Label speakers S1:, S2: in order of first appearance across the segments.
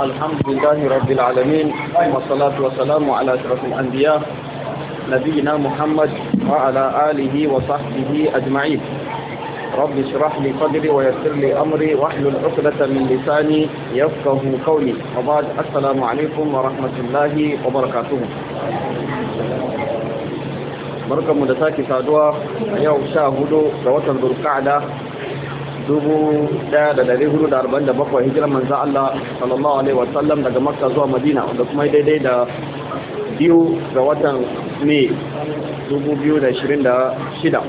S1: الحمد لله رب العالمين والصلاة والسلام على أشرف الأنبياء نبينا محمد وعلى آله وصحبه أجمعين رب اشرح لي صدري ويسر لي أمري واحلل عقدة من لساني يفقه قولي وبعد السلام عليكم ورحمة الله وبركاته بركة مدساكي سادوا saduwa a yau sha dubu daya da da da dari hudu arba'in bakwai hijirar manzan Allah sallallahu alaihi wasallam daga makka zuwa madina wanda kuma daidai da biyu ga watan dubu biyu da da shida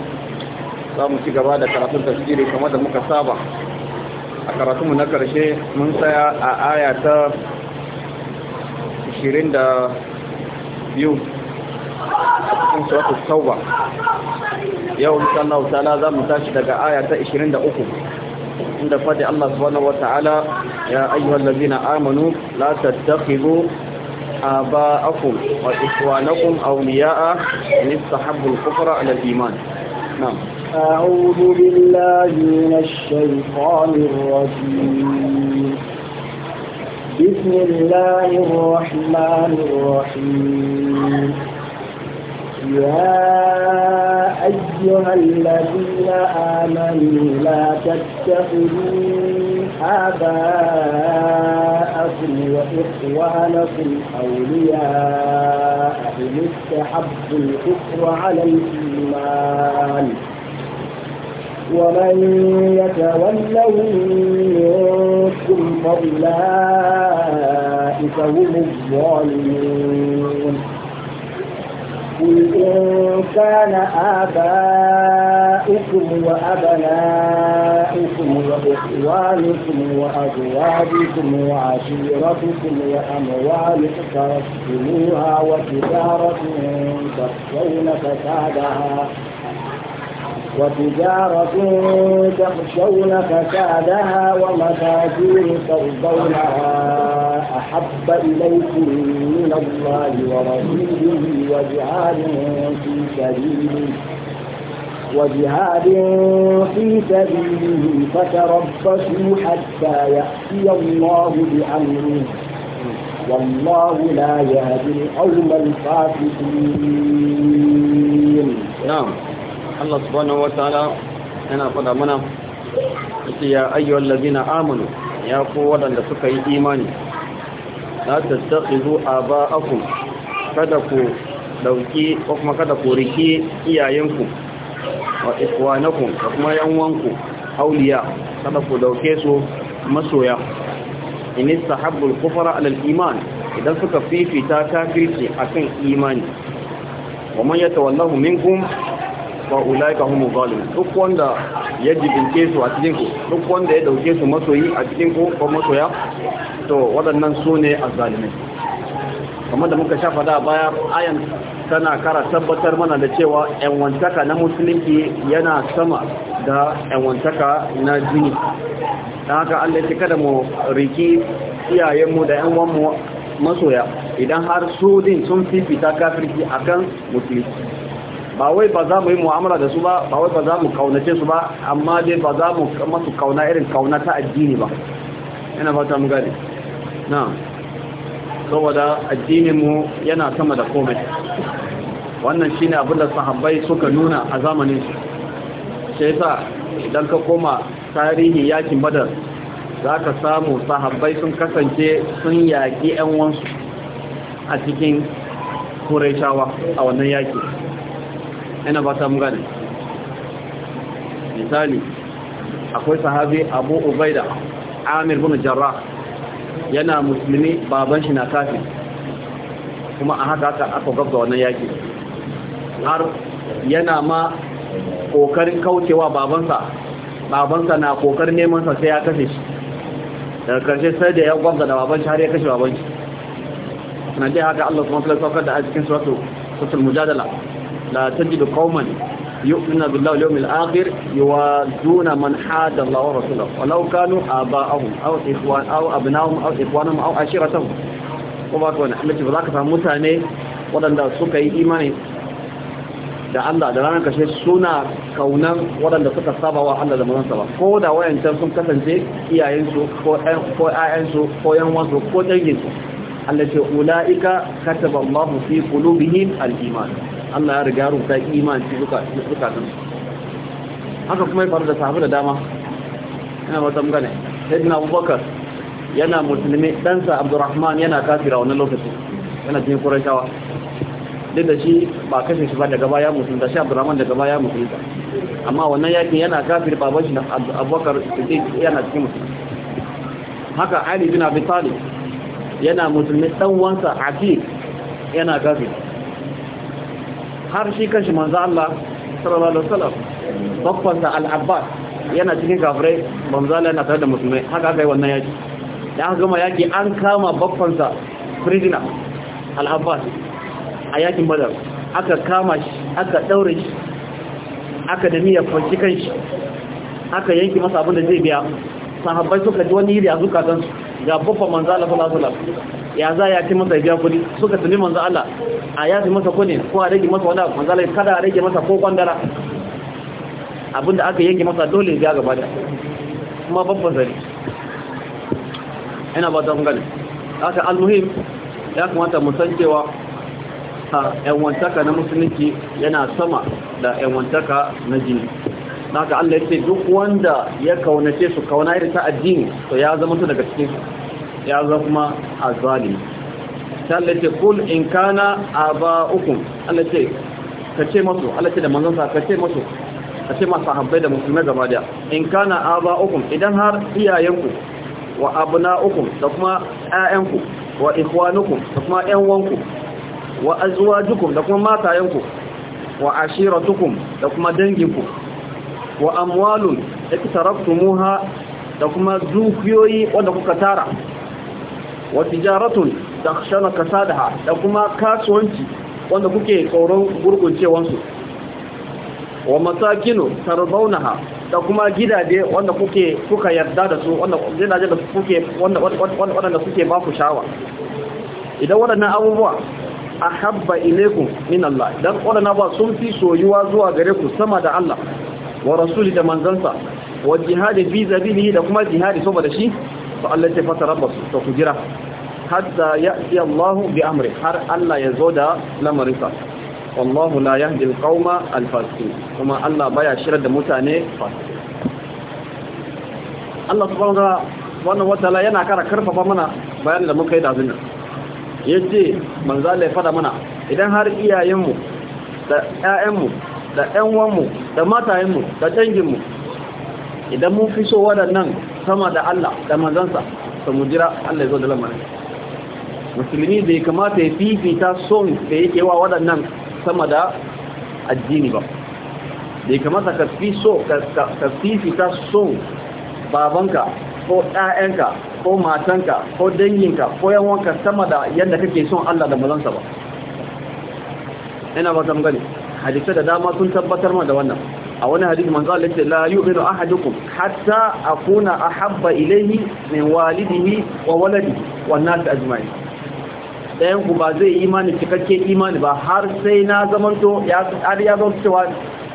S1: za mu ci gaba da karatun tasiri kama da muka saba a karatunmu na karshe mun tsaya a aya ta biyu.
S2: cikin suratul tauba yau insha Allah
S1: za mu tashi daga aya ta 23 inda fadi Allah subhanahu ta'ala ya ayyuhal ladina amanu la tattakhidhu aba'akum wa ikhwanakum awliya'a in istahabbu al-kufra 'ala al-iman na'am
S3: أعوذ بالله من الشيطان الرجيم بسم الله الرحمن يا أيها الذين آمنوا لا تتخذوا آباءكم وإخوانكم أولياء إن استحبوا الكفر على الإيمان ومن يتولهم منكم فأولئك هم الظالمون قل إن كان آباؤكم وأبناؤكم وإخوانكم وأزواجكم وعشيرتكم وأموال اقترفتموها وتجارة تخشون فسادها وتجارة تخشون فسادها ومساكين ترضونها أحب إليكم من الله ورسوله وجهاد في سبيله وجهاد في سبيله فتربصوا حتى يأتي الله بأمره والله لا يهدي القوم الفاسقين
S1: نعم Allah subhanahu wataala yana faɗa mana ya ayyuhal ladina amanu ya ku waɗanda suka yi imani la a aba'akum kada ku dauki ko kuma kada ku riki iyayenku wa ikwanakum da kuma yanwanku auliya kada ku dauke su masoya Inista istahabbu al-kufra iman idan suka fifita kafirci akan imani wa man yatawallahu minkum fa ulaika humu zalim duk wanda ya jibince su a cikin ku duk wanda ya dauke su masoyi a cikin ku ko masoya to waɗannan su ne azzalimai kamar da muka shafa da baya ayan tana kara tabbatar mana da cewa yan wantaka na musulunci yana sama da yan wantaka na jini don haka Allah ya kada mu riki iyayenmu da yan masoya idan har su din sun fifita a akan musulunci ba wai ba za mu yi mu'amala da su ba ba wai ba za mu kaunace su ba amma dai ba za mu masu kauna irin kauna ta addini ba yana fata mu gane na saboda addinin mu yana sama da komai wannan shine abin da sahabbai suka nuna a zamanin su sai sa idan ka koma tarihi yakin badar za ka samu sahabbai sun kasance sun yaƙi 'yan wansu a cikin kuraitawa a wannan yaki ina ba ta gane misali akwai sahabi abu ubaida amir bin jarrah yana musulmi baban shi na kafin kuma a haka aka aka gabza wannan yaki har yana ma kokarin kaucewa babansa babansa na kokarin neman sa sai ya kashe shi daga karshe sai da ya gwabza da baban shi har ya kashe baban shi na dai haka Allah kuma sai saukar da a cikin suratul suratul mujadala لا تجد قوما يؤمن بالله واليوم الآخر يوازون من حاد الله ورسوله ولو كانوا آباءهم أو إخوان أو أبنائهم أو إخوانهم أو عشيرتهم وباك وانا حملت بذلك فمتاني ودن دا سكا إيماني da Allah da ranar kashe suna kaunan waɗanda suka saba wa Allah da manzon sa ko da wayancan sun kasance iyayensu ko ƴaƴansu ko ƴan wasu ko dangin su Allah ce ula'ika kataba Allah fi qulubihim al-iman Allah ya riga rubuta iman su duka su haka kuma ya faru da sahabu da dama ina ba tambaye ne sayyidina Abubakar yana musulmi ɗansa Abdurrahman yana kafira wannan lokacin yana cikin Qurayshawa duk da shi ba kashe shi ba daga baya da shi Abdurrahman daga baya musulunta amma wannan yakin yana kafir baban shi Abubakar Siddiq yana cikin musulmi haka Ali bin Abi Talib yana musulmi dan wansa aqiq yana gabi har shi shi manzo Allah sallallahu alaihi wasallam babban da al-Abbas yana cikin kafirai manzo Allah yana tare da musulmi haka kai wannan yaki da aka gama yaki an kama babban sa prisoner al-Abbas a yakin Badar aka kama shi aka daure shi aka da niyyar fanci shi aka yanki masa abin da zai biya sahabbai suka ji wani yiri a zukatansu ga babban manzo Allah sallallahu alaihi wasallam ya za ya ci masa biya kudi suka tuni manzo Allah a ya ci masa kudi ko a rage masa wala manzo Allah kada a rage masa ko kwandara abinda aka yanke masa dole ya gaba da kuma babban zari ina ba ta gani aka almuhim ya kamata mu san cewa 'yan wantaka na musulunci yana sama da wantaka na jini haka Allah ya ce duk wanda ya kaunace su kauna irin ta addini to ya zama su daga cikin ya zama kuma azali ta Allah ya ce kul in kana aba'ukum Allah ya ce ka ce masu Allah ya ce da manzon sa ka ce masu ka ce masu sahabbai da musulmai gaba da in kana aba'ukum idan har iyayenku wa abna'ukum da kuma ƴaƴanku wa ikhwanukum da kuma ƴan wanku wa azwajukum da kuma matayenku wa ashiratukum da kuma danginku wa amwalun iktaraftumuha da kuma dukiyoyi wanda kuka tara wa tijaratun takhshana kasadaha da kuma kasuwanci wanda kuke tsoron gurguncewansu wa masakinu tarbaunaha da kuma gidaje wanda kuke kuka yarda da su wanda gidaje da kuke wanda wanda kuke ba shawa idan waɗannan abubuwa ahabba ilaykum min Allah dan wadannan ba sun fi soyuwa zuwa gare ku sama da Allah wa rasuli da manzansa wa jihadi fi sabilihi da kuma jihadi saboda shi fa Allah ya fata rabbas to ku jira hatta ya'ti Allah bi amri har Allah ya zo da lamarinsa wallahu la yahdi alqauma alfasiqin kuma Allah baya shirar da mutane fasiki Allah subhanahu wa wannan wata yana kara karfafa mana bayanin da muka yi da zunin yace manzo Allah ya fada mana idan har iyayenmu da ƴaƴanmu da ɗan wanmu da matayenmu da danginmu idan mun fi so waɗannan sama da Allah da manzansa to mu jira Allah ya zo da lamarin musulmi bai kamata ya fifita son da yake wa waɗannan sama da addini ba bai kamata ka fi so ka fifita son babanka ko ɗayanka ko matanka ko danginka ko yawanka sama da yadda kake son Allah da manzansa ba ina ba tamgani hadisai da dama sun tabbatar mana da wannan a wani hadisi manzo Allah ce la yu'minu ahadukum hatta akuna ahabba ilayhi min walidihi wa waladi wa nas ajma'i dayan ku ba zai imani cikakke imani ba har sai na zamanto ya har ya zanto cewa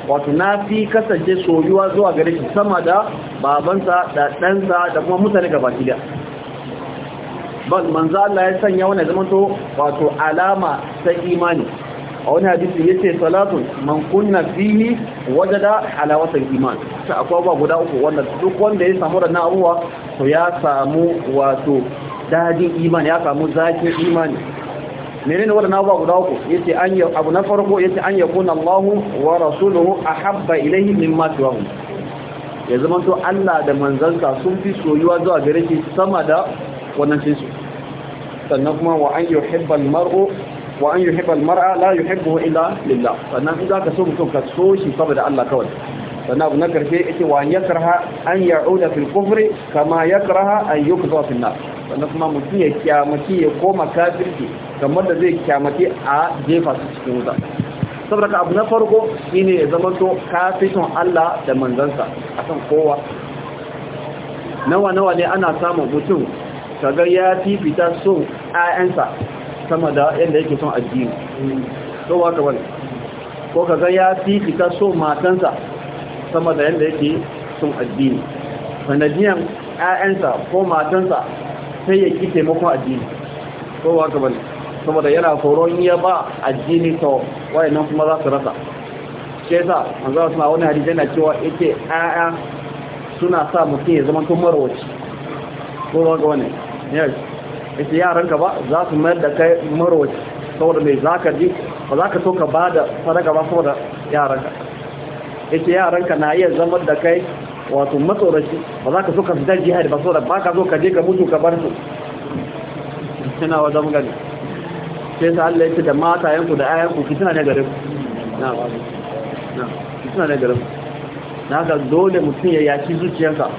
S1: wato na fi kasance soyuwa zuwa gare shi sama da babansa da ɗansa da kuma mutane gaba gida bal manzo Allah ya sanya wannan zamanto wato alama ta imani a wani hadisi yace salatu man kunna fihi wajada halawatul iman sai akwai ba guda uku wanda duk wanda ya samu ranar abuwa to ya samu wato dajin imani ya samu zakin iman. menene na abuwa guda uku yace an ya abu na farko ce an yakuna Allahu wa rasuluhu ahabba ilayhi mimma tuwahu ya zama to Allah da manzansa sun fi soyuwa zuwa gare shi sama da wannan cinsu sannan kuma wa an yuhibbal mar'u wa an yuhibba almar'a la yuhibbuhu illa lillah sannan in ka so mutum ka so shi saboda Allah kawai sannan abu na karshe yake wa yakraha an ya'uda fil kufri kama yakraha an yukza fil nar sannan kuma mutum ya kyamaci ya koma kafirci kamar da zai kyamaci a jefa su cikin wuta saboda ka abu na farko shine ya zama to kafircin Allah da manzansa akan kowa nawa nawa ne ana samun mutum kaga ya fifita son 'ya'yansa sama da yadda yake son addini to ba ka bane ko kaga ya fifita so matansa sama da yadda yake son addini sanadiyan ƴaƴansa ko matansa sai ya ki taimakon addini to ba ka bane saboda yana tsoron ya ba addini to wayannan kuma za su rasa shi yasa zama suna wani hadisi yana cewa yake ƴaƴa suna sa mutum ya zama tun marwaci ko ba ka bane yes ita yaranka ba za su mayar da kai marwaci saboda mai za ka ji ba za ka so ka ba da sadaka ba saboda yaranka ita yaranka na iya zama da kai wato matsoraci ba za ka so ka fitar jihar ba saboda ba ka so ka je ka mutu ka bar su suna wa zama gani sai sa Allah yake da yanku da ayanku ki suna ne gare ku na na ki suna ne gare ku na ga dole mutum ya yaki zuciyarsa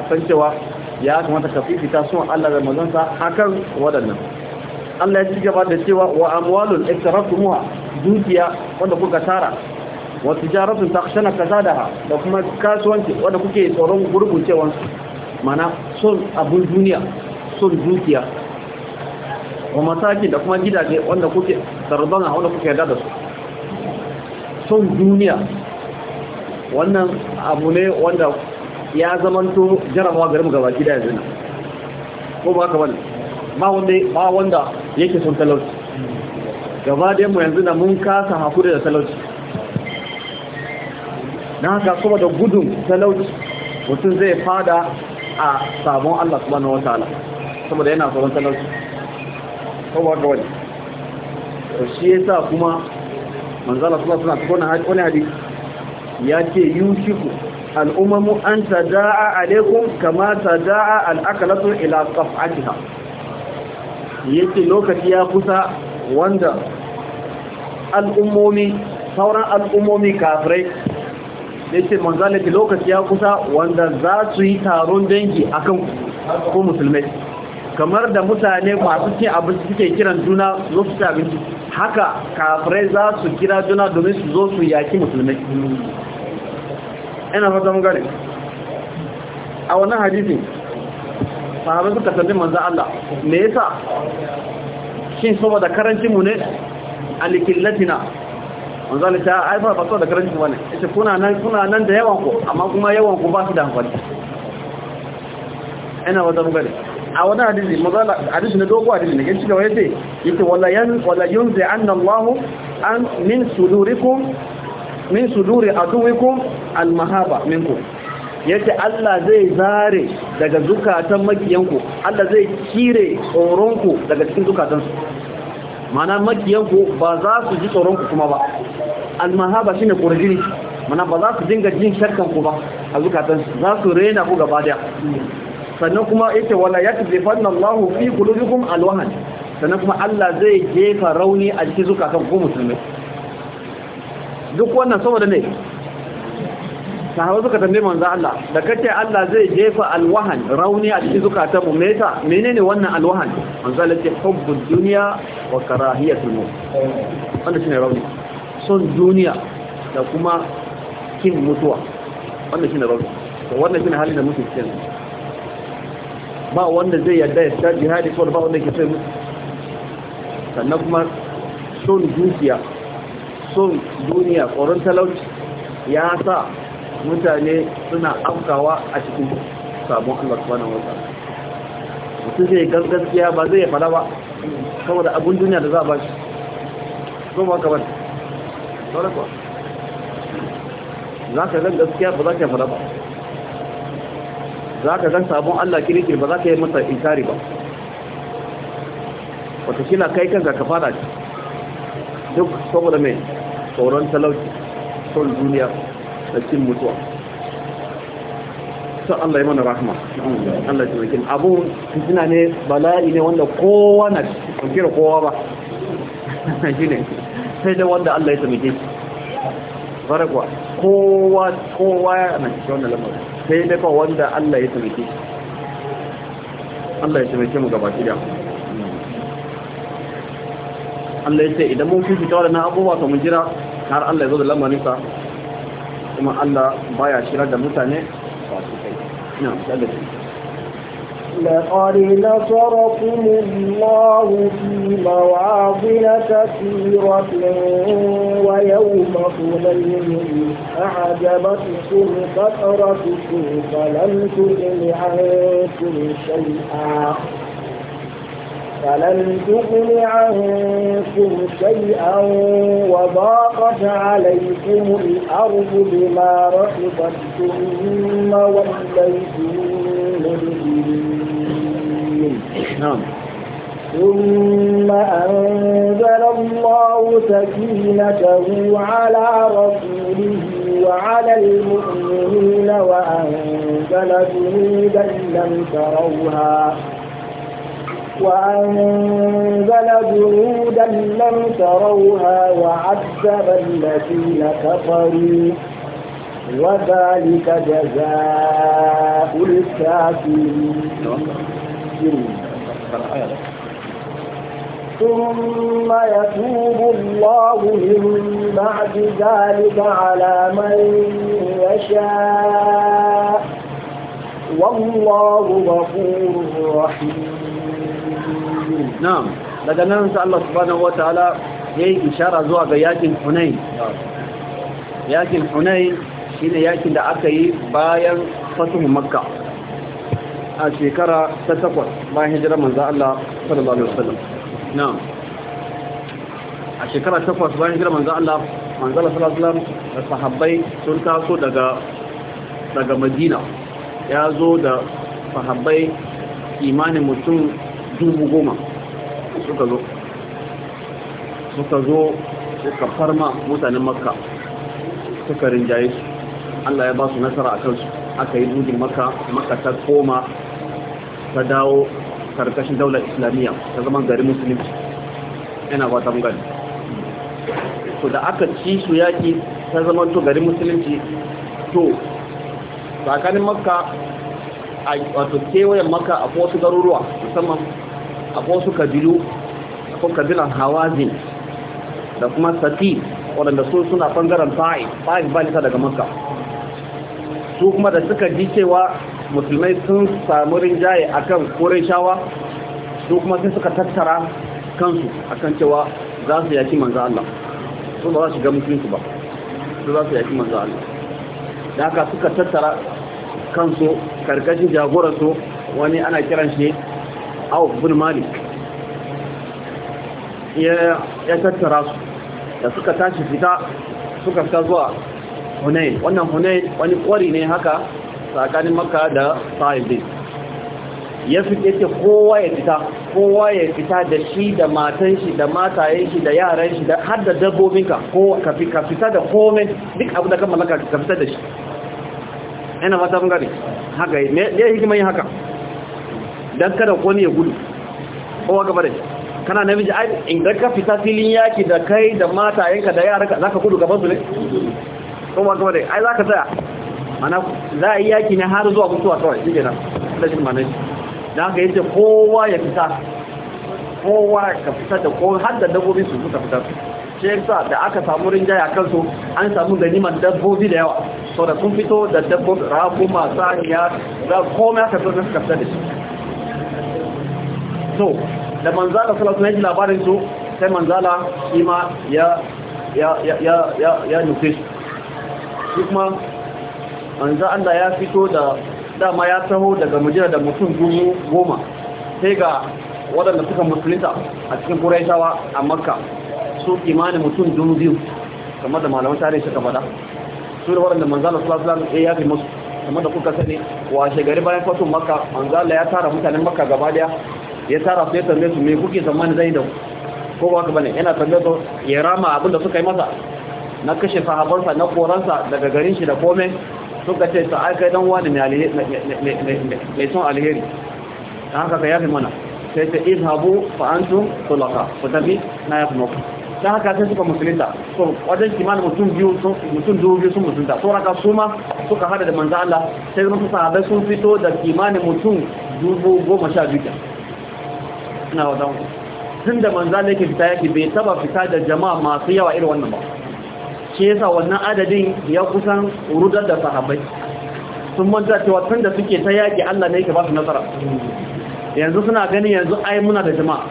S1: ka san cewa ya kamata ka fifita son Allah da a akan waɗannan Allah ya ci gaba da cewa wa amwalun iktaraftumuha dukiya wanda kuka tara wa tijaratun takshana kasadaha da kuma kasuwanci wanda kuke tsoron gurgucewan mana son abun duniya son dukiya wa mataki da kuma gidaje wanda kuke a wanda kuke yarda da su son duniya wannan abu ne wanda ya zamanto jarabawa garin gaba gida yanzu na ko ba ka wani ba wanda ba wanda yake son talauci gaba da mu yanzu na mun kasa hakuri da talauci na haka kuma da gudun talauci mutum zai fada a sabon Allah subhanahu wataala saboda yana sabon talauci ko ba ka wani to shi yasa kuma manzala sallallahu alaihi wasallam wani hadisi ya ce yushiku al'umamu an tada'a alaikum kama tada'a al'akalatu ila qaf'atiha yake lokaci ya kusa wanda al'ummomi sauran al'ummomi kafirai yake manzalaki lokaci ya kusa wanda za su yi taron dangi kan ku musulmai kamar da mutane masu cin abinci suke kiran juna zo su abinci haka kafirai za su kira juna domin su zo su yaki musulmai ina fata mun gane a wannan hadisi sahabai suka tambi manzan Allah me yasa shin saboda karancin mu ne alikillatina manzan ta haifar ba saboda karancin mu ne yace kuna nan kuna nan da yawan ku amma kuma yawan ku ba su da hankali. ina wata mun gane a wannan hadisi Allah, hadisi na dogo hadisi ne gaskiya wai sai yake wallahi wallahi yunzi anna Allah an min sudurikum min suduri aduwikum almahaba minku yace Allah zai zare daga zukatan makiyanku Allah zai kire tsoronku daga cikin zukatansu mana makiyanku ba za su ji tsoronku kuma ba almahaba shine kurjini mana ba za su dinga jin shakkanku ba a zukatansu za su rena ku gaba daya sannan kuma yace wala yakzifanna Allahu fi qulubikum alwahan sannan kuma Allah zai jefa rauni a cikin zukatan ku musulmai duk wannan saboda ne sahabu suka tambaye manzo Allah da kace Allah zai jefa alwahan rauni a cikin zukatan mu meta menene wannan alwahan manzo Allah ce hubbud dunya wa karahiyatul maut wanda shine rauni son duniya da kuma kin mutuwa wanda shine rauni to wannan shine halin da muke cikin ba wanda zai yarda ya sa jihadi ko ba wanda yake sai sannan kuma son dukiya son duniya tsoron talauci ya sa mutane suna afkawa a cikin sabon Allah suwa na wata. mutum zai gaskiya ba zai fada ba saboda abin duniya da za a ba shi ko ba kamar ba za ka zan gaskiya ba za ka fada ba za ka zan sabon Allah kirkir ba za ka yi masa inkari ba wata kila kai kanka ka fada duk saboda mai tsoron talauci son duniya da cin mutuwa sa Allah ya mana rahama Allah ya tsakin abu fitina ne bala'i ne wanda kowa na kira kowa ba ne sai da wanda Allah ya tsamike farakwa kowa kowa na cikin wanda lamarin sai da kowa wanda Allah ya tsamike Allah ya tsamike mu gaba da. Allah ya ce idan mun fi fita da na abubuwa ta mun jira har Allah ya zo da lamarinsa kuma Allah baya shirar da mutane masu kai na misali
S3: لقد نصركم الله في مواطن كثيرة ويوم حنين أعجبتكم كثرتكم فلم تغن عنكم شيئا فلن تغن عنكم شيئا وضاقت عليكم الأرض بما رحبت ثم وليتم مدبرين نعم ثم أنزل الله سكينته على رسوله وعلى المؤمنين وأنزل جنودا لم تروها وأنزل جنودا لم تروها وعذب الذين كفروا وذلك جزاء الكافرين ثم يتوب الله من بعد ذلك على من يشاء والله غفور رحيم
S1: na'am daga nan sa Allah subhanahu wataala yayi ishara zuwa ga yakin Hunain yakin Hunain shine yakin da aka yi bayan fatuhu Makka a shekara ta takwas bayan hijirar manzo Allah sallallahu alaihi wasallam na'am a shekara takwas bayan hijirar manzo Allah manzo Allah sallallahu alaihi wasallam da sahabbai sun taso daga daga Madina ya zo da sahabbai imanin mutum dubu goma suka zo suka zo suka farma mutanen makka suka rinjaye su allah ya ba su nasara a kansu aka yi dubin makka makka ta koma ta dawo karkashin daular islamiyya ta zama gari musulunci yana ba ta mugari, to da aka ci su yaƙi ta zama to gari musulunci to tsakanin makka a wato kewayen makka a wasu garuruwa musamman akwai wasu kabilu akwai kabilan hawazin da kuma sati waɗanda su suna ɓangaren fa'i fa'i ba nisa daga maka. su kuma da suka ji cewa musulmai sun samu rinjaye kan koren shawa su kuma sai suka tattara kansu a kan cewa za su yaki manza Allah su ba za su ga musulunsu ba su za su yaki manza Allah da haka suka tattara kansu karkashin jagoransu wani ana kiran shi auf bin malik ya tattara su da suka tashi fita suka fita zuwa hunain wannan hunai, wani kwari ne haka tsakanin maka da sa'ibin ya fi yake kowa ya fita kowa ya fita da shi da matan shi da matayen shi da yaran shi har da dabbobinka kowa ka fita da komai duk abu da kan mallaka ka fita da shi ina fata bangare haka ne ya hikimai haka don kada wani ya gudu kowa gaba da shi kana namiji ai idan ka fita filin yaki da kai da mata yanka da yara za ka gudu gaban su ne kowa gaba da ai za ka tsaya mana za a yi yaki ne har zuwa mutuwa kawai shi kenan nan da shi mana shi da haka yace kowa ya fita kowa ka fita da kowa har da dabbobi su suka fita shi yasa da aka samu rinjaya su an samu ganiman dabbobi da yawa sau da sun fito da dabbobi rafu masu saniya za komai aka so suka fita da shi so da manzala sallallahu alaihi labarin su sai manzala shi ma ya ya ya ya ya ya nufi shi kuma manzo Allah ya fito da dama ya taho daga mujina da mutum gumu goma sai ga waɗanda suka musulunta a cikin kuraishawa a makka su imanin mutum dun biyu kamar da malaman tarihi suka faɗa su da waɗanda manzala sallallahu alaihi wasallam ya fi musu kamar da kuka sani washe gari bayan fatun makka manzala ya tara mutanen makka gaba daya ya tara su ya tambaye su me kuke tsammani zai da ko ba ka bane yana tambaye su ya rama abin da suka yi masa na kashe sahabarsa na koransa daga garin shi da kome suka ce ta aika dan wani mai son alheri ta haka ka yafi mana sai ta izhabu fa antum tulaka ko tafi na yafi muku ta haka sai suka musulunta so wajen kimanin mutum biyu mutum dubu biyu sun musulunta so raka su ma suka hada da manzo Allah sai zama su sahabai sun fito da kimanin mutum dubu goma sha biyu suna wajen tun da manza ne ke fita yake bai taba fita da jama'a masu yawa irin wannan ba shi yasa wannan adadin ya kusan rudar da sahabbai sun manta cewa tun da suke ta yaƙi Allah ne yake ba su nasara yanzu suna gani yanzu ai muna da jama'a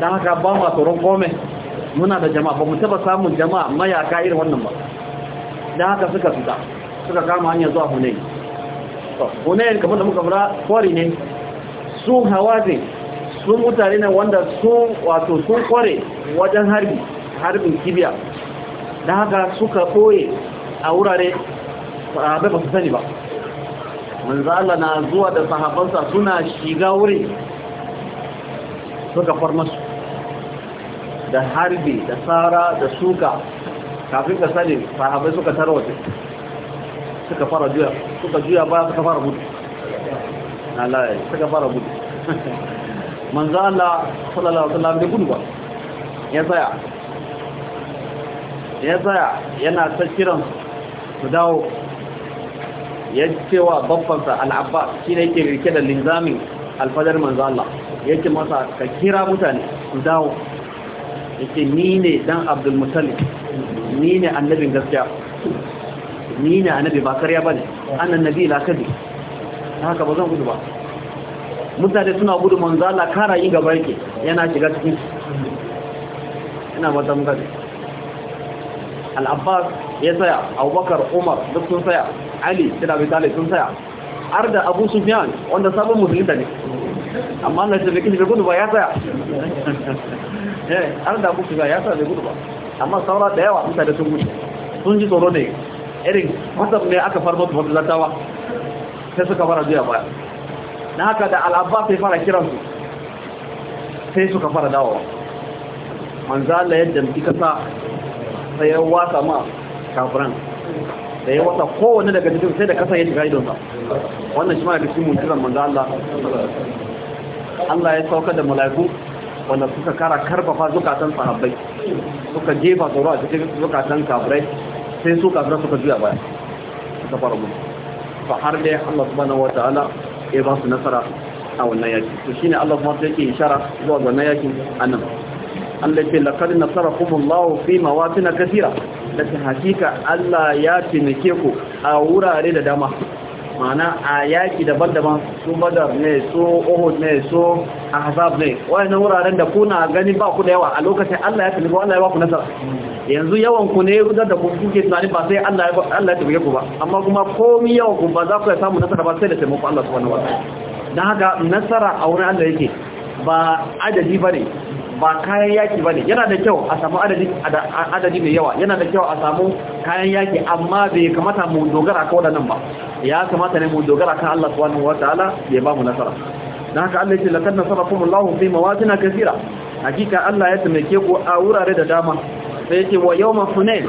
S1: don haka ba ma tsoron komai. muna da jama'a ba mu taba samun jama'a mayaka irin wannan ba don haka suka fita suka kama hanyar zuwa hunayi hunayin kamar da muka fura kori ne su ne. Sun mutane ne wanda wato sun kware wajen harbi harbin kibiya da haka suka koye a wurare sahabai ba su sani ba manzo Allah na zuwa da sahabansa suna shiga wuri suka farma su da harbi da tsara da suka kafin ka sani sahabai suka tarwata suka fara juya suka juya ba suka fara gudu Allah suka fara gudu manzo Allah sallallahu alaihi wasallam da gudu ba ya tsaya ya tsaya yana ta kiran su dawo ya cewa babbansa abbas shi ne yake rike da linzamin alfajar manzo Allah yake masa ka kira mutane su dawo yake ni ne dan abdul mutallib ni ne annabin gaskiya ni ne annabi ba karya bane annan nabi la kadi haka ba zan gudu ba mutane suna gudu manzo Allah kara yi gaba yake yana shiga cikin ina mata muka ne al-abbas ya saya abubakar umar duk sun saya ali da bai talib sun saya har da abu sufyan wanda sabon musulunta ne amma na shi bai kishi bai gudu ba ya saya eh, har da abu sufyan ya saya bai gudu ba amma saura da yawa mutane sun gudu sun ji tsoro ne irin wasan ne aka farmata wata zatawa sai suka fara zuwa baya na haka da al'abbas sai fara kiransu sai suka fara dawowa manzala yadda muka sa sai ya wasa ma kafiran da ya wasa kowane daga jikin sai da kasa ya shiga idonsa wannan shi ma da cikin mutunan manzo Allah Allah ya sauka da mala'iku wanda suka kara karfafa zukatan sahabbai suka jefa tsoro a cikin zukatan kafirai sai su kafirai suka juya baya suka fara mutu fa har dai Allah subhanahu ta'ala. ya ba su nasara a wannan yaki to shine Allah kuma yake ishara zuwa ga wannan yakin annan Allah ce laqad nasarakumullahu fi mawatin kathira dace hakika Allah ya tinake ku a wurare da dama Ma'ana a yaki daban-daban su badar ne su uhud ne su ahzab ne wayannan wuraren da kuna gani ba ku da yawa a lokacin Allah ya tinake Allah ya ba ku nasara yanzu yawan ku ne da da kuke tunani ba sai Allah Allah ya tabbake ku ba amma kuma komai yawan ku ba za ku samu nasara ba sai da taimakon Allah subhanahu wata. dan haka nasara a wurin Allah yake ba adadi bane ba kayan yaki bane yana da kyau a samu adadi adadi mai yawa yana da kyau a samu kayan yaki amma bai kamata mu dogara kan wadannan ba ya kamata ne mu dogara kan Allah subhanahu ala ya ba mu nasara dan haka Allah ya ce laqad nasarakumullahu fi mawatin kaseera hakika Allah ya taimake ku a wurare da dama sai yake wa yawma hunain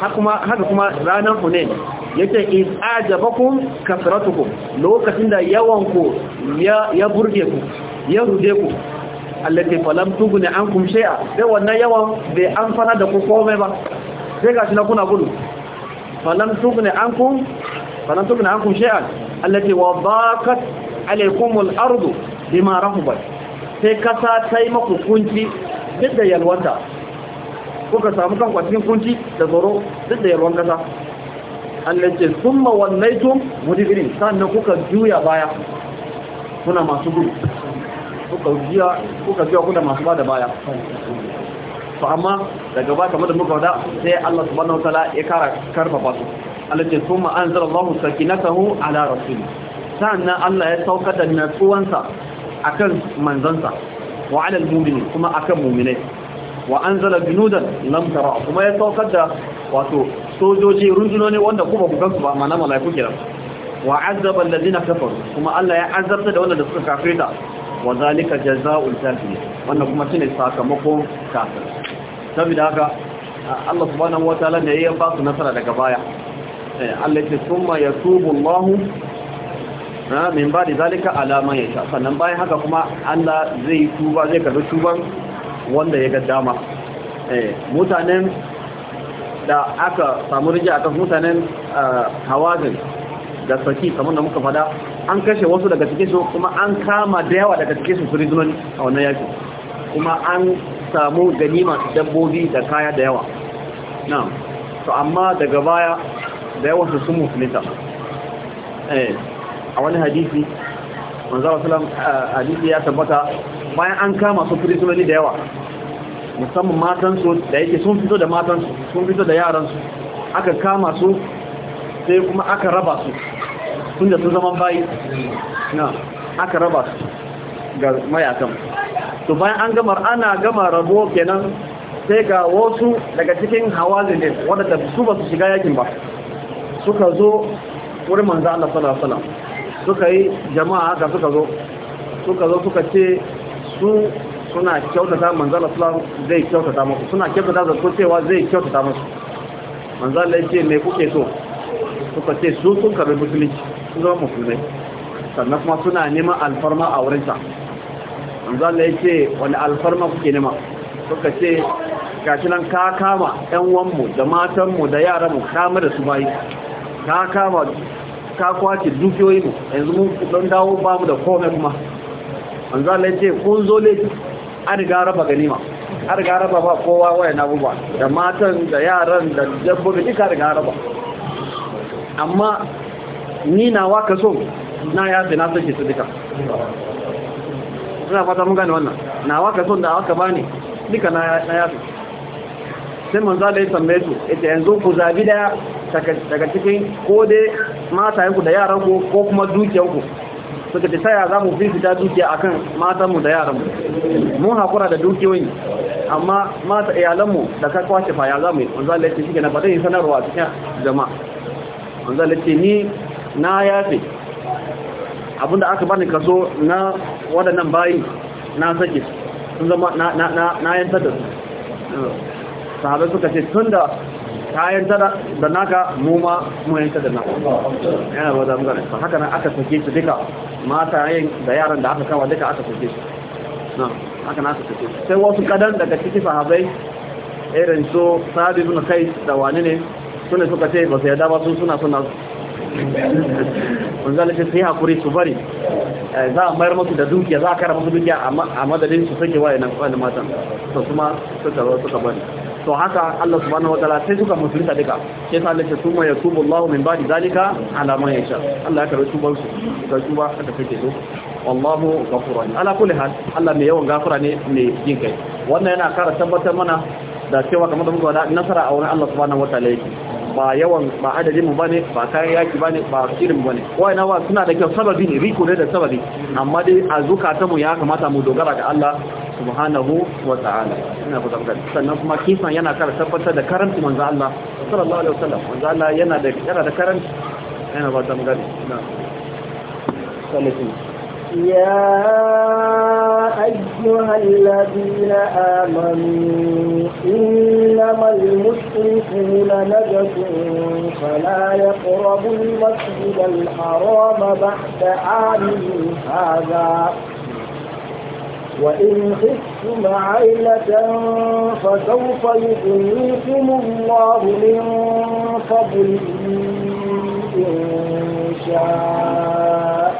S1: haka kuma ranar hunain yake iz ajabakum kasratukum lokacin da yawanku ya burge ku ya rude ku allati falam an ankum shay'a sai wannan yawan bai amfana da ku komai ba sai gashi na kuna gudu falam tughni ankum falam tughni ankum shay'a allati wadaqat ardu bima rahabat sai kasa tai maku kunci duk da yalwata kuka samu kanku a cikin kunci da tsoro duk da yalwan kasa Allah ce summa wallaitum mudibirin sannan kuka juya baya kuna masu gudu kuka juya kuka juya kuna masu bada baya to amma daga ba kamar da muka wada sai Allah subhanahu wataala ya kara karfafa su Allah ce summa na sakinatahu ala rasul sannan Allah ya saukar da natsuwansa akan manzansa wa ala almu'minin kuma akan mu'minai wa anzala binudan lam tara kuma ya saukar da wato sojoji rundunoni wanda kuma ku gansu ba mana malaiku kiran wa azaba allazina kafaru kuma Allah ya azabta da wanda suka kafirta wa zalika jazaa'ul kafirin wannan kuma shine sakamakon kafir saboda haka Allah subhanahu wataala ne ya ba su nasara daga baya eh, Allah ya ce summa yatubu Allahu min ba da zalika alama ya sha sannan bayan haka kuma Allah zai tuba zai karbi tuban wanda ya ga dama eh, mutanen da aka samu rijiya a kan mutanen eh, hawazin da saki kamar da muka fada an kashe wasu daga cikin su kuma an kama da yawa daga cikin su firizinoni a wannan yaki kuma an samu ganima dabbobi da kaya da yawa na to amma daga baya da yawan su sun eh, a wani hadisi manzo sallam hadisi ya tabbata bayan an kama su prisoners da yawa musamman matan su da yake sun fito da matan su sun fito da yaran su aka kama su sai kuma aka raba su tun da sun zama bayi na aka raba su ga mayakan to bayan an gama ana gama rabo kenan sai ga wasu daga cikin hawazin ne wadanda su ba su shiga yakin ba suka zo wurin manzo Allah sallallahu alaihi wasallam suka yi jama'a haka suka zo suka zo suka ce su suna kyautata manzala islam zai kyautata musu suna kyautata da su cewa zai kyautata musu manzala ce mai kuke so suka ce su sun karbi musulunci su zama musulmai sannan kuma suna neman alfarma a wurin wurinsa manzala ya ce wani alfarma kuke nema suka ce gashi nan ka kama 'yan wanmu da matanmu da yaranmu kama da su bayi ka kama ta kwace dukiyoyi mu yanzu mun don dawo ba mu da komai kuma an za la ce kun zo ne an riga raba ganima an riga raba ba kowa waya na buba da matan da yaran da dabbobi duka riga raba amma ni na wa ka so na ya fi na sake su duka ina fata mun gane wannan na wa ka so da aka bani duka na ya sai manzo da ya tambaye su ita yanzu ku zabi daya daga cikin ko dai matayenku da yaranku ko kuma dukiyanku suka ce saya za mu fifita dukiya akan matanmu da yaranmu mun haƙura da dukiyoyi amma mata iyalanmu da ka kwashe faya za mu yi wanzu alaƙi shi ke na fatan yi sanarwa cikin jama'a wanzu alaƙi ni na yafe abinda aka bani kaso na waɗannan bayi na sake sun zama na yantar da su sahabai suka ce tun da ta tada da naka mu ma mu yanka da naka yana ba za ba haka nan aka sake su duka mata yin da yaran da aka kawo duka aka sake su na haka nan aka sake su sai wasu kadan daga cikin sahabai irin so sahabi ibn kai da wani ne su ne suka ce ba su yarda ba su suna suna kun zalace sai hakuri su bari eh, za a mayar musu da dukiya za a kara musu dukiya a madadin su sake waye nan kwanan matan su kuma suka suka bari to haka Allah subhanahu wa ta'ala sai suka musulunta duka sai ta lace su ya yatubu Allah min ba'di zalika ala man yasha Allah ya karbi ba su ka tuba da kake so wallahu ghafurun ala kulli hal Allah mai yawan gafara ne ne jin kai wannan yana kara tabbatar mana da cewa kamar da muka wada nasara a wurin Allah subhanahu wa ta'ala yake ba yawan ba adadin mu bane ba kayan yaki bane ba kirin bane wayna wa suna da kyau sababi ne riko ne da sababi amma dai a ta mu ya kamata mu dogara ga Allah subhanahu wa ta'ala ina ku tabbata sannan kuma kisan yana kar tabbatar da karanci manzo Allah sallallahu alaihi wasallam manzo Allah yana da kira da karanci ina ba tabbata na sallallahu
S3: يا أيها الذين آمنوا إنما المشركون نجس فلا يقربوا المسجد الحرام بعد عامهم هذا وإن خفتم عيلة فسوف يغنيكم الله من قبل إن شاء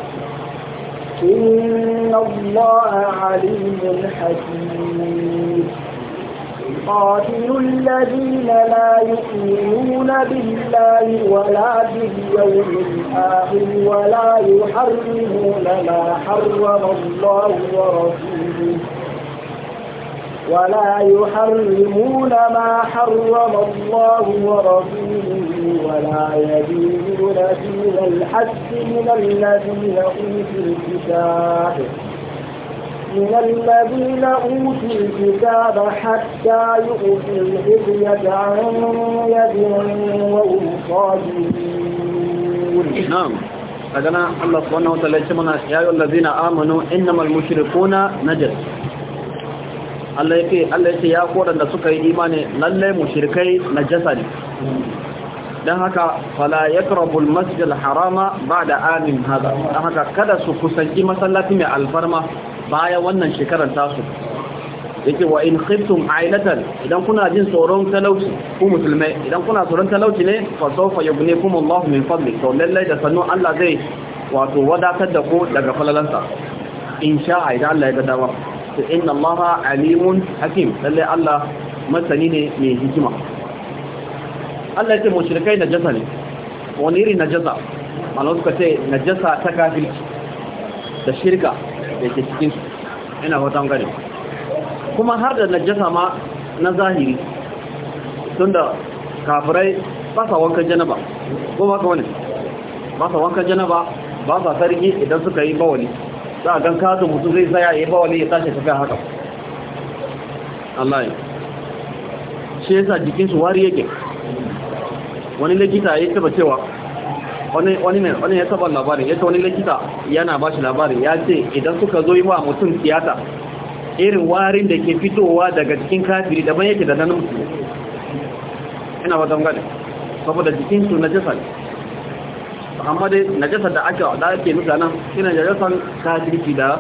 S3: إن الله عليم حكيم قاتلوا الذين لا يؤمنون بالله ولا باليوم الآخر ولا يحرمون ما حرم الله ورسوله ولا يحرمون ما حرم الله ورسوله ولا يدينون دين الحق من الذين أوتوا الكتاب من الذين أوتوا الكتاب حتى يؤتوا الحبية عن يد وهم صادقون
S1: نعم أدنا الله سبحانه وتعالى يسمنا يا أيها الذين آمنوا إنما المشركون نجس Allah yake Allah yake ya koranda suka yi imani lalle mushrikai najasa ne dan haka fala yakrabu almasjid alharama ba'da amin hada dan haka kada su kusanci masallaci mai alfarma baya wannan shekarar tasu yake wa in khiftum ailatan idan kuna jin tsoron talauci ku musulmai idan kuna tsoron talauci ne fa sawfa yughnikum Allah min fadli to lallai da sannu Allah zai wato wadatar da ku daga falalansa insha Allah idan Allah ya ga dama to inna Allah alimun hakim lallai Allah masani ne mai hikima Allah yake mushrikai jasa ne wani iri jasa malon suka ce na jasa ta kafirci da shirka da ke cikin su ina hoton gari kuma har da najasa ma na zahiri tun da kafirai ba sa wankan janaba ko ba ka wani ba sa wankan janaba ba sa sarki idan suka yi bawali za a gan kasu mutum zai tsaya ya yi bawali ya tashi tafiya haka Allah ya shi yasa jikinsu wari yake wani likita ya taba cewa wani ya taba labarin ya wani likita yana ba shi labarin ya ce idan suka zo yi wa mutum tiyata irin warin da ke fitowa daga cikin kafiri daban yake da nan musulmi ina wajen gani saboda jikin su na jasa ne amma dai na jasa da aka da ake nuka nan shine da jasan kafirci da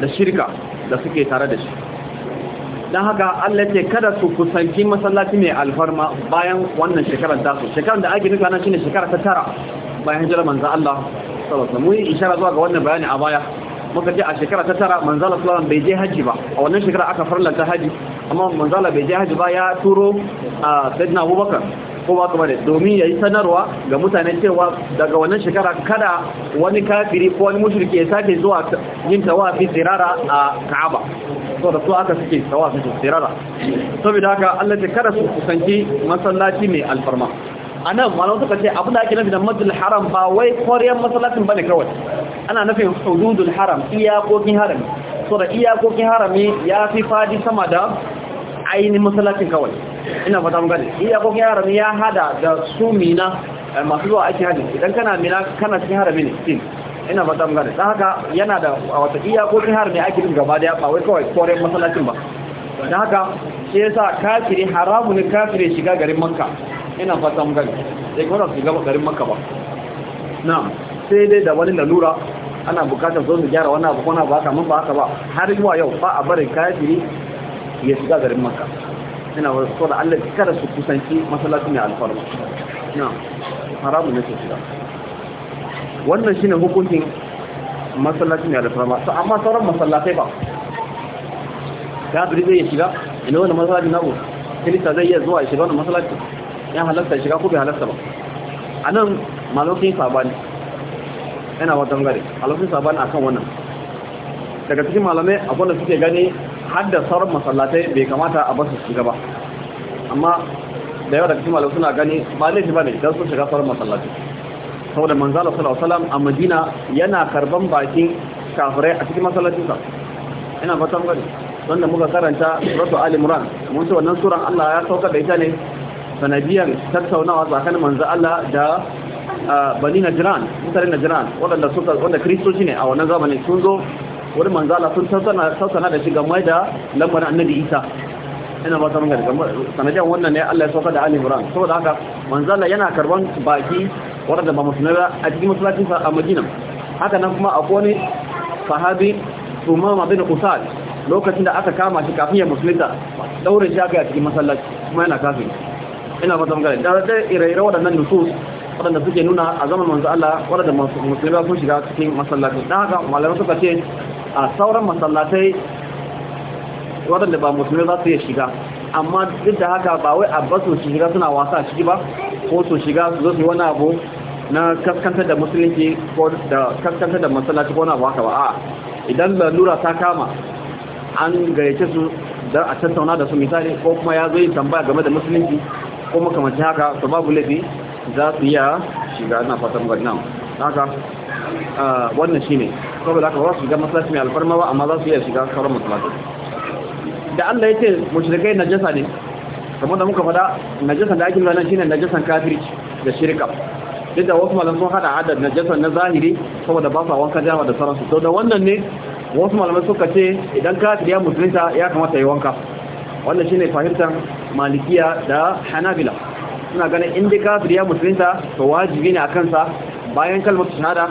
S1: da shirka da suke tare da shi dan haka Allah ce kada su kusanci masallaci mai alfarma bayan wannan shekarar su. shekarar da ake nuka nan shine shekara ta tara bayan jira manzan Allah sallallahu mun yi ishara zuwa ga wannan bayani a baya muka ce a shekara ta tara manzala sallallahu bai je haji ba a wannan shekara aka farlanta haji amma manzala bai je haji ba ya turo a sayyidina Abubakar ko ba ne domin yayi sanarwa ga mutane cewa daga wannan shekara kada wani kafiri ko wani mushriki ya sake zuwa yin tawafi tsirara a Ka'aba so da su aka suke tawafi tsirara saboda haka Allah ya kada su kusanci masallaci mai alfarma anan nan malam suka ce abin da ake nufi da masjidul haram ba wai koriyar masalacin ba ne kawai ana nufin hududul haram iyakokin harami so da iyakokin harami ya fi fadi sama da ainihin masalacin kawai ina fata mun gani iyakokin harami ya hada da su mina eh, masu zuwa aiki hadin idan kana mina kana cikin harami ne sin ina fata mun gani don haka yana da wata iyakokin harami ake yin gaba da ba wai kawai koriyar masalacin ba don haka shi yasa kafiri haramu ne kafiri shiga garin manka ina fata mun gani sai kuma su gaba garin maka ba na sai dai da wani lalura ana bukatar zo mu gyara wani abu kona ba ka mun ba haka ba har zuwa yau ba a barin kafiri ya shiga garin maka ina wa so da Allah kada su kusanci masallacin ne alfarma na haramu ne su shiga wannan shine hukuncin masallacin ne alfarma to amma sauran masallatai ba kafiri zai shiga ina wannan masallacin na ku kilista zai iya zuwa ya shiga wannan masallacin ya halasta shiga ko bai halasta ba a nan malofin sabani yana wata gari malofin sabani a kan wannan daga cikin malamai abin suke gani har da sauran masallatai bai kamata a basu shiga ba amma da yawa daga cikin malamai suna gani ba laifi ba ne don sun shiga sauran masallatai saboda manzala sallallahu alaihi a madina yana karban bakin kafirai a cikin masallacinsa yana wata gari wanda muka karanta suratu ali imran mun ce wannan suran Allah ya sauka da ita ne sanadiyar tattaunawa tsakanin manzo Allah da bani najran mutane najran wanda suka wanda kristoci ne a wannan zamanin sun zo wani manzo Allah sun tattauna da shi game da lamarin annabi Isa ina ba ta mun sanadiyar wannan ne Allah ya sauka da Ali Imran saboda haka manzo Allah yana karban baki wanda ba musulmi ba a cikin masallacin sa a Madina haka nan kuma akwai ne sahabi Umama bin Qusad lokacin da aka kama shi kafin ya musulunta daure shi aka yi a cikin masallaci kuma yana kafin ina fata magana da ta ire-ire waɗannan nusus waɗanda suke nuna a zaman manzo Allah waɗanda musulmi sun shiga cikin masallaci dan haka malamai suka ce a sauran masallatai waɗanda ba musulmi za su iya shiga amma duk da haka ba wai abbasu su shiga suna wasa a ciki ba ko su shiga su zo su wani abu na kaskantar da musulunci ko da kaskantar da masallaci ko wani abu haka ba a idan lalura ta kama an gayyace su da a tattauna da su misali ko kuma ya zo yin tambaya game da musulunci ko makamacin haka su babu laifi za su iya shiga na fatan gwanan haka wannan shi ne saboda haka ba su shiga masallaci mai alfarma ba amma za su iya shiga sauran masallaci da Allah ya ce mushrikai najasa ne kamar da muka na najasan da ake nuna nan shine najasan kafirci da shirka duk da wasu malamai sun hada adad najasan na zahiri saboda ba sa wanka jama da sauransu to da wannan ne wasu malamai suka ce idan kafir ya musulunta ya kamata ya wanka wannan shine fahimtar malikiya da hanabila suna ganin inda kafir ya musulunta to wajibi ne a kansa bayan kalmar shahada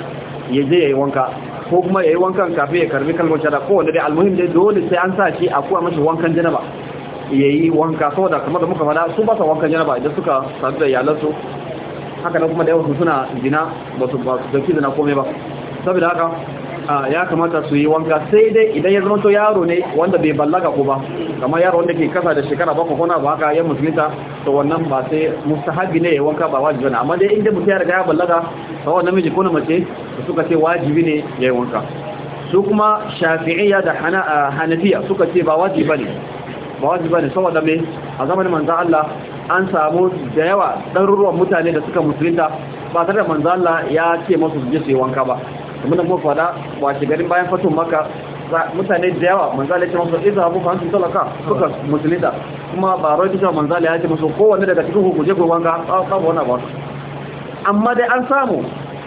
S1: ya je ya yi wanka ko kuma ya yi wankan kafin ya karbi kalmar shahada ko wanda dai almuhim dai dole sai an sa shi a kuwa mashi wankan janaba ya yi wanka saboda kamar da muka fada su ba sa wankan janaba idan suka sadu da iyalansu haka nan kuma da yawan suna jina ba su da zina komai ba saboda haka ya kamata su yi wanka sai dai idan ya zama to yaro ne wanda bai ballaga ko ba kamar yaro wanda ke kasa da shekara bakwai ko na ba haka yan musulunta to wannan ba sai mustahabi ne ya wanka ba wajibi ne amma dai inda mutum ya riga ya ballaga ba wannan miji ko na mace su suka ce wajibi ne ya yi wanka su kuma shafi'iyya da hanafiya suka ce ba wajibi bane ba wajibi bane saboda me a zamanin manzo Allah an samu da yawa ɗaruruwan mutane da suka musulunta ba tare da manzo Allah ya ce musu su je su yi wanka ba kuma da kuma fada washe garin bayan fatun maka mutane da yawa manzala ya ce masu iza abu fahimtun talaka suka musulita kuma ba rai cewa manzala ya ce masu kowanne daga cikin je ko ga babu wani ba amma dai an samu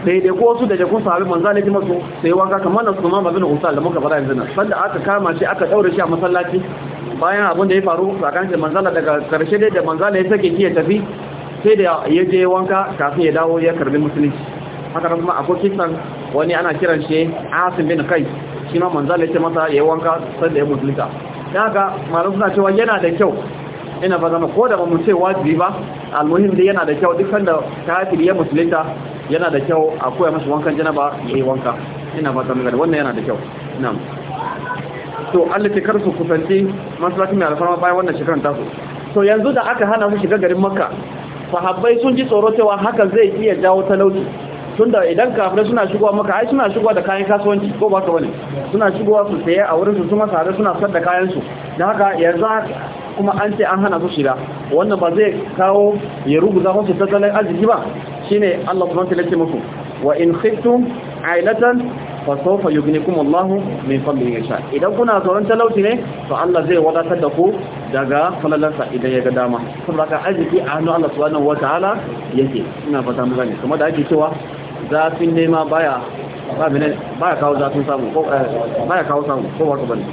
S1: daidai ko su da jakun sahabi manzali ya ce masu sai wanka kamar na suma, ma bin usal da muka fara yanzu nan sanda aka kama shi aka daure shi a masallaci bayan abin da ya faru tsakanin manzala daga karshe dai da manzala ya sake kiyaye tafi sai da ya je wanka kafin ya dawo ya karbi musulunci haka kuma akwai kisan wani ana kiran shi asim bin kai shi ma manzo Allah ya ce masa yi wanka sai da ya musulunta dan haka malamu suna cewa yana da kyau ina ba zama ko da ba mu ce wajibi ba almuhim dai yana da kyau duk sanda kafiri ya musulunta yana da kyau a koya masa wankan janaba yi wanka ina ba zama wannan yana da kyau na'am to allafi ta karsu kusanci masallacin mai alfarma bayan wannan shekaran tasu to yanzu da aka hana su shiga garin makka sahabbai sun ji tsoro cewa hakan zai iya jawo talauci tunda idan kafirai suna shigowa maka ai suna shigowa da kayan kasuwanci ko ba ka bane suna shigowa su saye a wurin su kuma sare suna sar da kayan su dan haka yanzu kuma an ce an hana su shiga wannan ba zai kawo ya ruguza musu tattalin arziki ba shine Allah subhanahu wa ta'ala ya muku wa in khiftum ailatan fa sawfa yughnikum Allah min fadlihi insha idan kuna tsoron talauci ne to Allah zai wadatar da ku daga falalansa idan ya ga dama saboda ka arziki a hannun Allah subhanahu wa ta'ala yake ina fata mu gane kuma da ake cewa zafin nema baya baya kawo zafin samu eh, baya kawo samu ko wato bane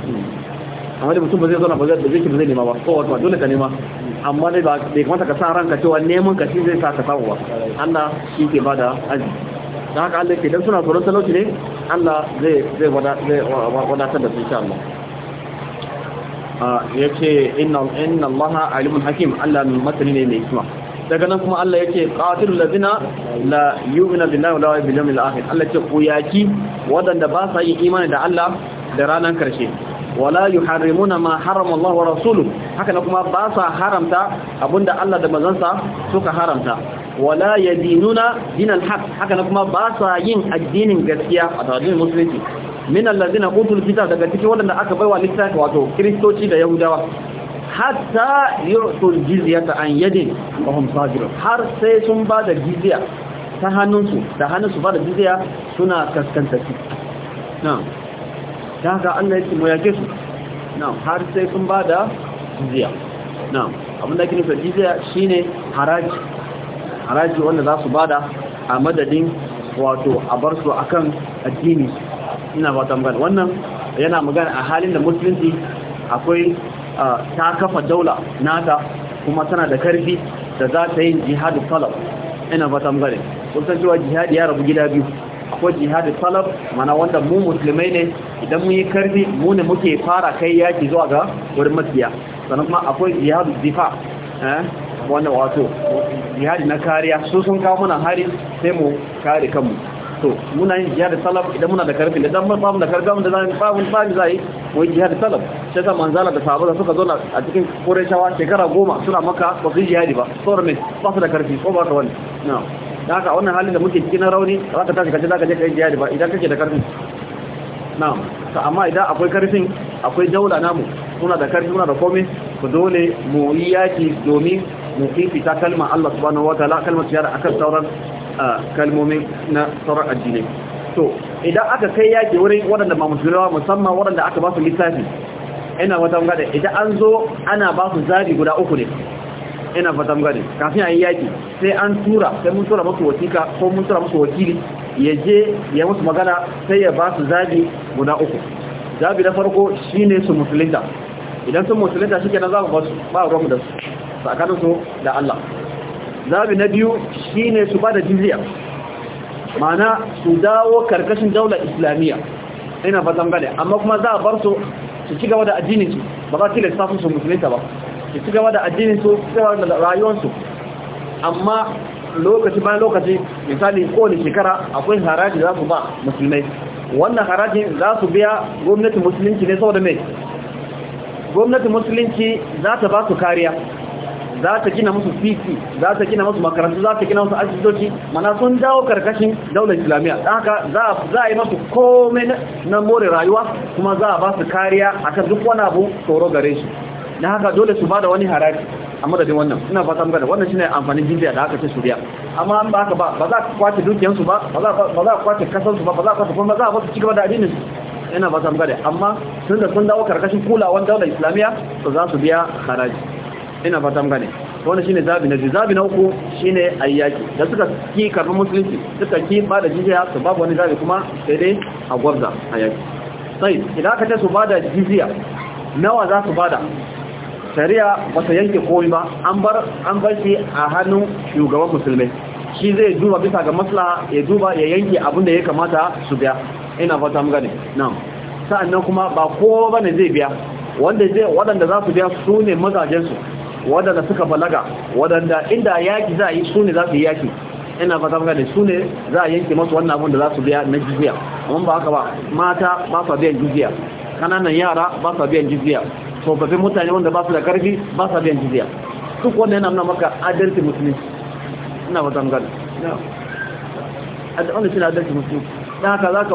S1: amma da mutum ba zai na ba zai zai zai nema ba ko wato dole ka nema amma dai ba bai kamata ka sa ranka cewa neman ka shi zai sa ka samu ba Allah shi ke bada aji da haka Allah ke dan suna tsoron talauci ne Allah zai zai ta da su insha Allah ah, yace inna inna Allah alimun hakim Allah masani ne mai hikima daga nan kuma Allah yake qatilul ladina la yu'minu billahi wala bil yawmil akhir Allah ce ku yaki wadanda ba sa yin imani da Allah da ranar karshe wala yuharrimuna ma harama Allah wa rasuluhu haka kuma ba sa haramta abinda Allah da manzansa suka haramta wala yadinuna dinal haqq haka kuma ba sa yin addinin gaskiya a tawajin musulunci min alladhina utul kitab daga cikin wadanda aka baiwa littafi wato kristoci da yahudawa hatta yu'tul jizyata an yadin wa hum sajirun har sai sun ba da jizya ta hannunsu da hannunsu ba da jizya suna kaskanta shi na'am dan ga Allah yake mu yake su na'am har sai sun ba da jizya na'am abin da kinu jizya shine haraji haraji wanda za su bada a madadin wato a bar su akan addini ina ba ta magana wannan yana magana a halin da musulunci akwai ta kafa daula nata kuma tana da karfi da za ta yi jihadu talab ina fatan tambare kusan cewa jihadi ya rabu gida biyu akwai jihadi talab mana wanda mu musulmai ne idan mun yi karfi mu ne muke fara kai yaki zuwa ga wurin masiya. sannan kuma akwai jihadu difa eh, wanda wato jihadi na kariya su sun kawo mana hari sai mu kare kanmu to muna yin jihadi talab idan muna da karfi idan mun samu da karfi da zamu fa babu zai mu jihadi talab shi ta manzala da sahabu da suka zo a cikin ƙurayshawa shekara goma suna maka ba su yi jihadi ba sauramin ba su da karfi ko ba ka wani da haka wannan halin da muke cikin rauni za ka tashi kace za ka je ka yi jihadi ba idan kake da karfi Na to amma idan akwai karfin akwai daula namu suna da karfi suna da komai ku dole mu yi yaki domin mu fifita kalmar Allah subhanahu ta'ala kalmar tiyara akan sauran kalmomi na sauran addinai to idan aka kai yaki wurin waɗanda ba musulmai musamman waɗanda aka ba su littafi ina fatan gada idan an zo ana ba su zabi guda uku ne ina fatan gada kafin ayi yi yaki sai an tura sai mun tura musu wakika ko mun tura musu wakili ya je ya musu magana sai ya ba su zabi guda uku zabi na farko shine su musulunta idan su musulunta shike nan za basu ba mu da su tsakanin su da Allah zabi na biyu shine su bada jizya ma'ana su dawo karkashin daular islamiyya ina fatan gane amma kuma za a bar su su ci gaba da addinin su ba za su tilasta su musulunta ba su ci gaba da addinin su su gaba da rayuwarsu amma lokaci bayan lokaci misali kowane shekara akwai haraji za su ba musulmai wannan haraji za su biya gwamnatin musulunci ne saboda mai gwamnatin musulunci za ta ba su kariya za ta gina musu titi za ta gina musu makarantu za ta gina musu asibitoci mana sun dawo karkashin daular islamiyya don haka za a yi masu komai na more rayuwa kuma za a ba su kariya akan duk wani abu tsoro gare shi Na haka dole su ba da wani haraji a madadin wannan ina fata muka da wannan shine amfanin jinjiya da aka ce suriya amma an ba haka ba ba za ka kwace dukiyansu ba ba za ka kwace kasansu ba ba za ka kwace kuma za a ba su cigaba da addinin ina fata muka da amma sun da sun dawo karkashin kulawan daular islamiyya to za su biya haraji ina fata gane wannan shine zabi na biyu zabi na uku shine ayyaki da suka ki karbi musulunci suka ki bada jizya to babu wani zabi kuma sai dai a gwabza ayyaki sai idan ka ce su bada jizya nawa za su bada shari'a ba ta yanke komai ba an bar an bar shi a hannun shugaban musulmai shi zai duba bisa ga maslaha ya duba ya yanke abin da ya kamata su biya ina fata mun gane na'am sa'annan kuma ba kowa bane zai biya wanda zai waɗanda za su biya su ne mazajensu waɗanda suka balaga waɗanda inda yaki za a yi su ne za su yi yaki ina fata maka gane su ne za a yanke masu wannan abin da za su biya na jizya amma ba haka ba mata ba sa biyan jizya kananan yara ba sa biyan jizya tsofaffin mutane wanda ba su da karfi ba sa biyan jizya duk wanda yana nuna maka adalci musulmi ina ba maka da wanda shi na adalci musulmi da haka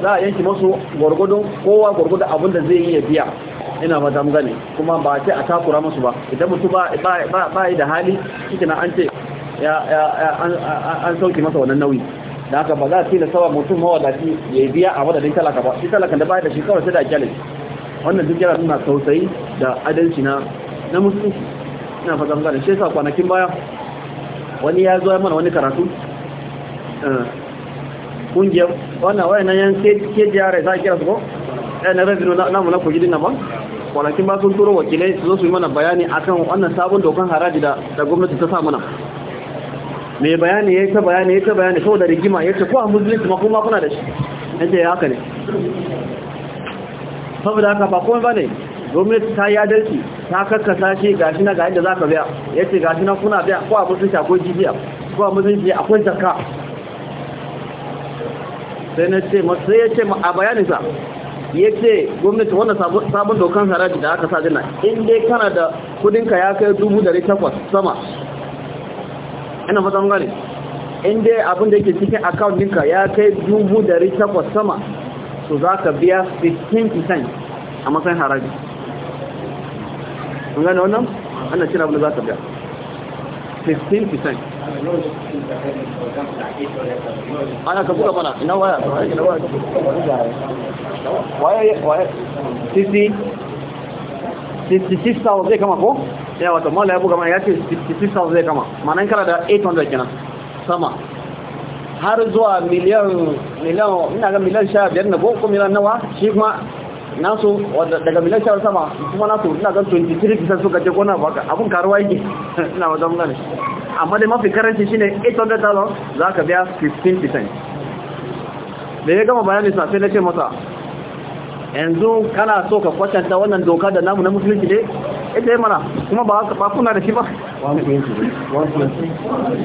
S1: za a yanke masu gwargwadon kowa gwargwadon abin da zai yi ya biya ina madam gane kuma ba ce a takura musu ba idan mutu ba yi da hali shi an ce an sauki masa wannan nauyi da aka ba za su da sawa mutum mawadaci ya biya a wadadin talaka ba shi talakan da baya da shi kawai sai da kyale wannan duk yara suna tausayi da adalci na na musulunci ina fata magana shi yasa kwanakin baya wani ya zo ya mana wani karatu kungiyar eh, wannan wayannan yan sai ke a kira su ko na revenue namu na kogi na ba kwanakin ba sun turo wakilai su zo su yi mana bayani akan wannan sabon dokan haraji da gwamnati ta sa mana mai bayani ya yi ta bayani ya yi ta bayani sau da rigima ya ce ko a musulunci ma kuma kuna da shi ya ce ya haka ne saboda haka ba kuma ba ne gwamnati ta yi adalci ta karkasa shi gashi na ga yadda za ka biya ya ce gashi na kuna biya ko a musulunci akwai jibiya ko a musulunci akwai zakka sai na ce sai ya ce a bayaninsa ya ce gwamnati wanda sabon dokan haraji da aka sajina in dai kana da kudinka ya kai dubu dari takwas sama ina fata mun gane in dai abin da yake cikin akawun dinka ya kai dubu dari takwas sama su za ka biya 15% a matsayin haraji mun gane wannan ana cin abin da za ka biya 15% ana ka buga mana ina waya ina waya waye waye sisi 66,000 zai kama ko? ya wata mala ya buga mana ya ce 66,000 zai kama mana in da 800 kenan sama har zuwa miliyan miliyan ina ga miliyan 15 na ko miliyan nawa shi kuma nasu wanda daga milan shawar sama kuma nasu ina zan 23% suka ce kona baka abin karuwa yake ina wajen gani amma dai mafi karanci shine 800 dollars za ka biya 15% da ya gama bayani sa sai na ce masa yanzu kana so ka kwatanta wannan doka da namu na musulunci ne ita yi mana kuma ba ba kuna da shi ba
S3: 120 120
S1: 120 120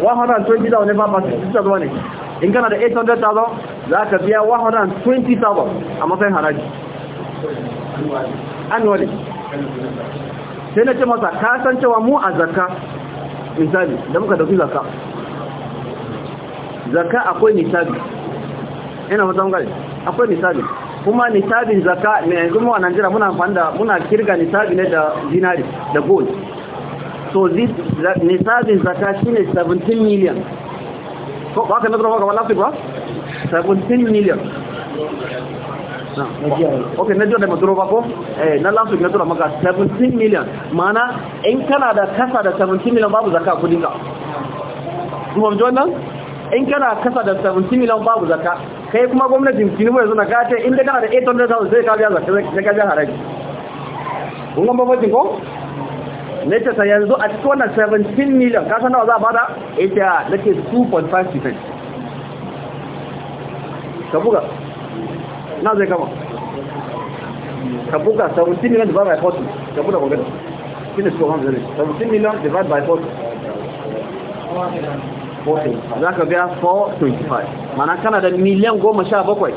S1: 120 120 120 in kana da 800,000 za ka biya 120,000 a matsayin haraji annually sai na ce masa cewa mu a zakka misali da muka dauki zakka zakka akwai nisabi ina fata gari akwai nisabi kuma nisabin zaka ne yanzu mu a Najeriya muna amfani da muna kirga nisabi ne da zinari da gold so this nisabin zaka shine 17 million What another work? One last one. 17 million. ok na jiya da maduro ba ko na last ne tura maka 17 million mana in kana da kasa da 17 million babu zaka kudin ka kuma ji wannan in kana kasa da 17 million babu zaka kai kuma gwamnatin tinubu yanzu na kace in da kana da 800,000 sai ka biya zaka sai ka biya haraji kun ko na ce ta yanzu a cikin wannan 17 million kasa nawa za a bada ita ah, na ce 2.5 percent ka buga na zai kama ka buga 17 million divided by 40 ka buga magana shi ne su kwan zane 17 million divided by 40 za ka biya 425 mana kana da miliyan goma sha bakwai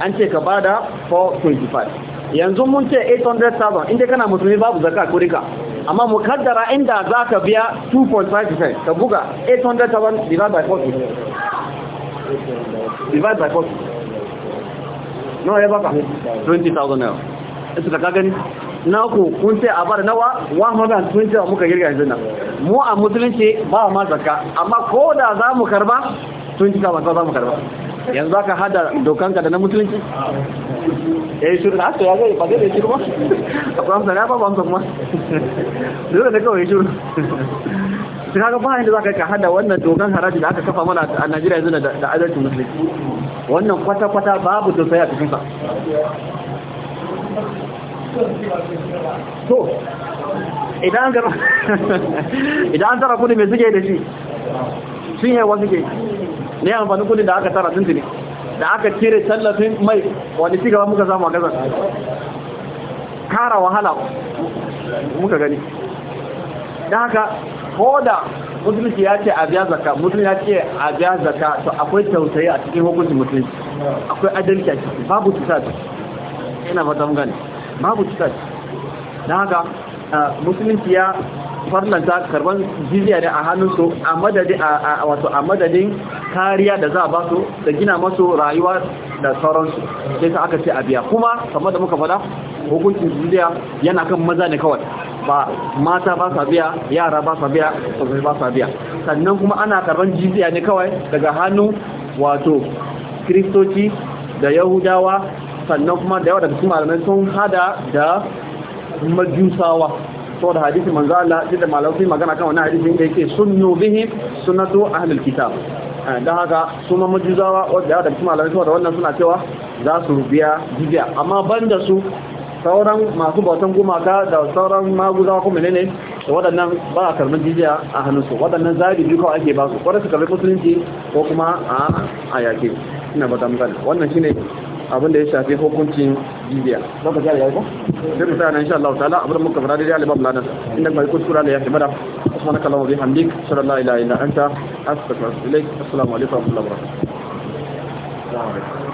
S1: an ce ka bada 425 yanzu mun ce 800,000 inda kana musulmi babu zaka kurika amma mukaddara inda za ka biya 2.5% ka buga 800,000 divide by 40 divide by 40 nawa ya baka 20,000 naira isa da ka gani na ku kun sai a bar nawa 120 muka girga yanzu nan mu a musulunci ba ma zaka amma ko da za mu karba 20,000 za mu karba yanzu aka hada dokanka da na musulunci ya eh, yi shirin haka ah, ya zai ba zai shiru ba a kwamsa na ba bansa kuma dole da kawai shirin su haka ba yadda za ka ka hada wannan dokan haraji da aka kafa mana a najeriya yanzu da adalcin musulunci wannan kwata-kwata babu dokai a cikinsa to idan an tara kudi mai suke da shi cinyewa suke ne amfani kudin da aka tara tuntuni da aka cire tallafin mai wani ci gaba muka samu a gazan kara wahala muka gani da haka ko da musulunci ya ce a biya zaka musulunci ya ce a biya zaka to akwai tausayi a cikin hukuncin musulunci akwai adalci a ciki babu cuta ina fata mun gani babu cuta da haka eh, musulunci ya farlanta karban jizya ne a hannunsu a madadin wato a madadin kariya da za a ba su da gina masu rayuwa da sauransu sai ka aka ce a biya kuma kamar da muka faɗa hukuncin jizya yana kan maza ne kawai ba mata ba sa biya yara ba sa biya tsofaffi ba sa biya sannan kuma ana karban jizya ne kawai daga hannun wato kristoci da yahudawa sannan kuma da yawa daga cikin malamai sun hada da majusawa saboda hadisi manzo Allah da malafi magana kan wannan hadisi da yake sunnu bihi sunnatu ahlul kitab eh, dan haka sunan mujizawa wanda da kuma malafi saboda wannan suna cewa za su biya jizya amma banda su sauran masu bautan gumaka da sauran maguzawa kuma ne waɗannan ba a karɓar jijiya a hannunsu waɗannan zaɓi biyu kawai ake ba su kwarar su karɓi musulunci ko kuma a yaƙi ina ba ta wannan shine abin da ya shafi hukuncin jibiya baka ga yayi ko sai mu tsaya insha Allah ta'ala abin muka fara da ya libam ladan inda mai kuskura da ya fi mada subhanaka allahumma bihamdik sallallahu la ilaha illa anta astaghfiruka wa atubu ilaik assalamu alaikum wa rahmatullahi wa
S2: barakatuh